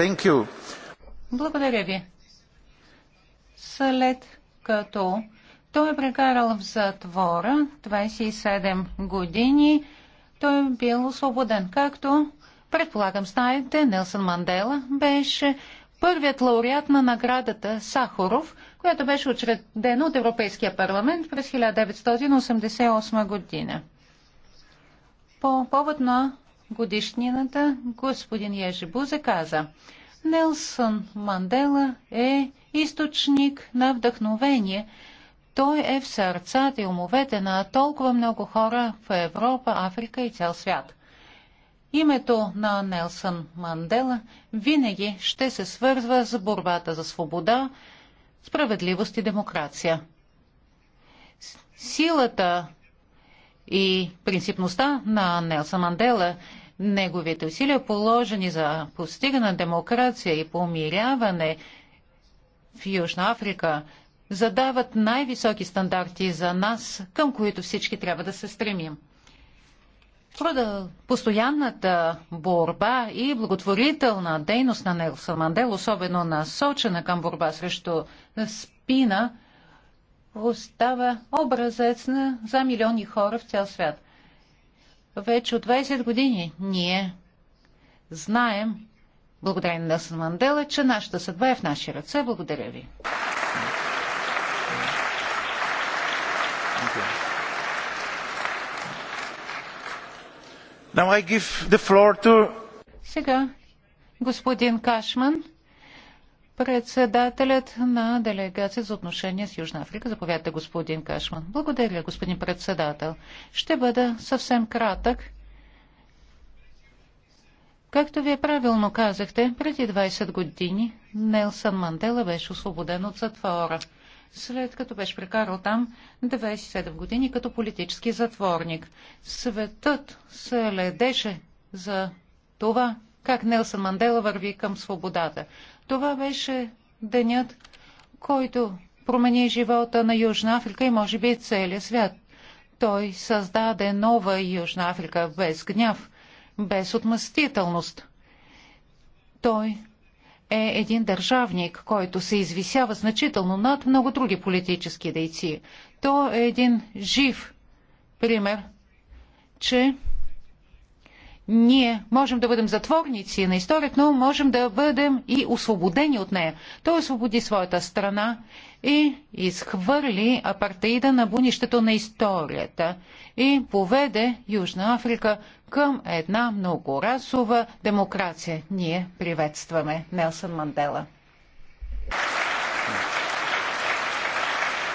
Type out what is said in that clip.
Thank you. Благодаря ви. След като той е прекарал в затвора 27 години, той е бил освободен, както предполагам знаете, Нелсън Мандела беше първият лауреат на наградата Сахоров, която беше учредена от Европейския парламент през 1988 година. По повод на годишнината господин Ежи Бузе каза Нелсън Мандела е източник на вдъхновение. Той е в сърцата и умовете на толкова много хора в Европа, Африка и цял свят. Името на Нелсън Мандела винаги ще се свързва с борбата за свобода, справедливост и демокрация. Силата и принципността на Нелсън Мандела, неговите усилия положени за постигане на демокрация и помиряване в Южна Африка, задават най-високи стандарти за нас, към които всички трябва да се стремим. Постоянната борба и благотворителна дейност на Нелсън Мандел, особено насочена към борба срещу спина, остава образец за милиони хора в цял свят. Вече от 20 години ние знаем, благодарение на Нелсън Мандела, че нашата съдба е в наши ръце. Благодаря ви. Thank you. Сега господин Кашман, председателят на делегация за отношения с Южна Африка. Заповядайте, господин Кашман. Благодаря, господин председател. Ще бъда съвсем кратък. Както вие правилно казахте, преди 20 години Нелсън Мандела беше освободен от затвора след като беше прекарал там 27 години като политически затворник. Светът се ледеше за това, как Нелсън Мандела върви към свободата. Това беше денят, който промени живота на Южна Африка и може би целия свят. Той създаде нова Южна Африка без гняв, без отмъстителност. Той е един държавник, който се извисява значително над много други политически дейци. То е един жив пример, че ние можем да бъдем затворници на историята, но можем да бъдем и освободени от нея. Той освободи своята страна и изхвърли апартеида на бунището на историята и поведе Южна Африка към една многорасова демокрация. Ние приветстваме Нелсън Мандела. Thank you.